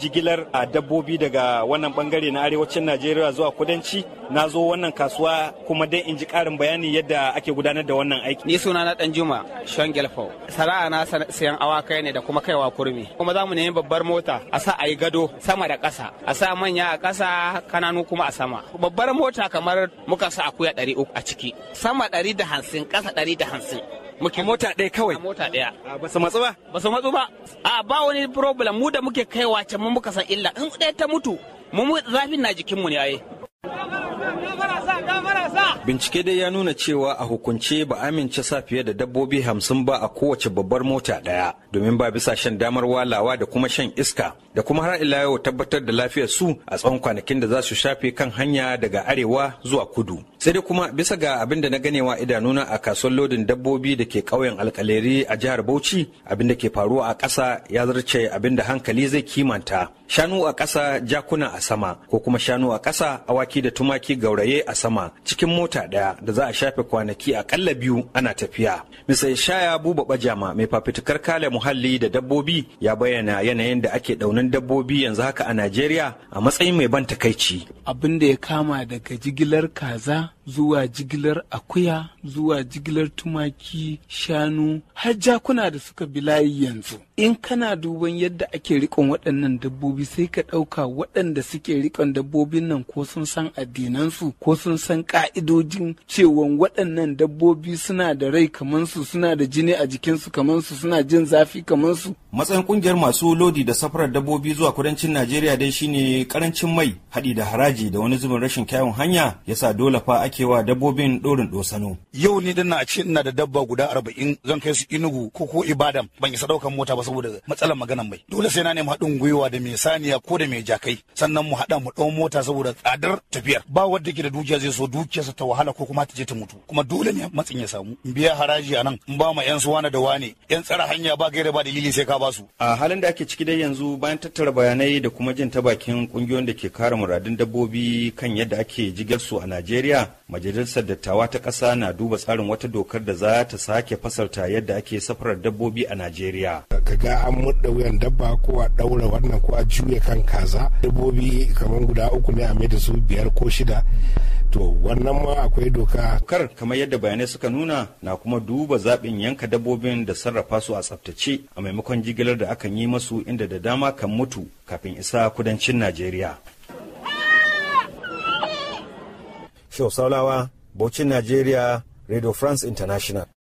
jigilar a dabbobi daga wannan bangare na arewacin Najeriya zuwa kudanci na zo wannan kasuwa kuma dai in ji karin bayani yadda ake gudanar da wannan aiki. Ni suna na dan Juma Sean Gelfo. Sana'a na sayan kai ne da kuma kaiwa kurmi. Kuma za mu nemi babbar mota a sa a yi gado sama da ƙasa. A sa manya a ƙasa kananu kuma a sama. Babbar mota kamar muka sa akuya ɗari uku a ciki. Sama ɗari da hamsin ƙasa ɗari da hamsin. muke mota ɗaya kawai a mota ɗaya ba su matsu ba ba su matsu ba a ba wani problem mu da muke kaiwa can mun muka san illa in ɗaya ta mutu mu zafin na jikinmu ne aye Bincike dai ya nuna cewa a hukunce ba amince sa fiye da dabbobi hamsin ba a kowace babbar mota ɗaya domin ba bisa shan damar walawa da kuma shan iska da kuma har ila yau tabbatar da lafiyar su a tsawon kwanakin da za su shafe kan hanya daga arewa zuwa kudu. Sai dai kuma bisa ga abin da na ganewa idanuna a kasuwar lodin dabbobi da ke ƙauyen alkaleri a jihar Bauchi abin da ke faruwa a ƙasa ya zarce abin da hankali zai kimanta. Shanu a ƙasa jakuna a sama ko kuma shanu a ƙasa awaki da tumaki gauraye a sama cikin mota mota ɗaya da za a shafe kwanaki akalla biyu ana tafiya. Mr. Shaya Buba Bajama mai fafitukar kale muhalli da dabbobi ya bayyana yanayin da ake daunin dabbobi yanzu haka a Najeriya a matsayin mai ban takaici. Abin da ya kama daga jigilar kaza zuwa jigilar akuya zuwa jigilar tumaki shanu har jakuna da suka bi layi yanzu in kana duban yadda ake rikon waɗannan dabbobi sai ka ɗauka waɗanda suke rikon dabbobin nan ko sun san addinansu ko sun san ka'idojin cewan waɗannan dabbobi suna da rai kamar su suna da jini a jikinsu kamar su suna jin zafi kamar su matsayin kungiyar masu lodi da safarar dabbobi zuwa kudancin najeriya dai shine karancin mai haɗi da haraji da wani zubin rashin kyawun hanya yasa dole fa ake wa dabbobin ɗorin ɗosano yau ni dana a ce ina da dabba guda arba'in zan kai su inugu ko ko ibadan ban isa daukan mota ba saboda matsalar maganan mai dole sai na nemi haɗin gwiwa da mai saniya ko da mai jakai sannan mu haɗa mu ɗau mota saboda tsadar tafiyar ba wanda ke da dukiya zai so dukiyarsa ta wahala ko kuma ta je ta mutu kuma dole ne matsin ya samu in biya haraji a nan in ba ma yan su wane da wane yan tsara hanya ba gaira ba dalili sai ka ba su a halin da ake ciki dai yanzu bayan tattara bayanai da kuma jin ta bakin kungiyoyin da ke kare muradun dabbobi kan yadda ake jigar su a Najeriya majalisar dattawa ta ƙasa na duba tsarin wata dokar da za ta sake fasalta yadda ake safarar dabbobi a Najeriya. ka ga an mudda wuyan dabba ko a ɗaura wannan ko a juya kan kaza dabbobi kamar guda uku ne a mai da su biyar ko shida. To wannan ma akwai doka. Kar kamar yadda bayanai suka nuna na kuma duba zaɓin yanka dabbobin da sarrafa su a tsaftace a maimakon jigilar da akan yi masu inda da dama kan mutu kafin isa kudancin Najeriya. Shau Saulawa, Bauchin Najeriya, Radio France International.